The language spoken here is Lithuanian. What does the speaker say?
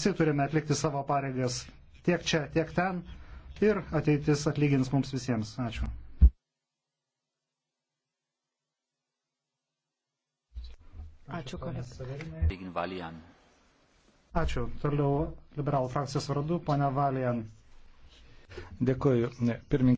Visi turime atlikti savo pareigas tiek čia, tiek ten ir ateitis atlygins mums visiems. Ačiū. Ačiū, kolega. Ačiū. Toliau liberalų frakcijos vardu, ponia Valijan. Dėkuoju. Pirmin...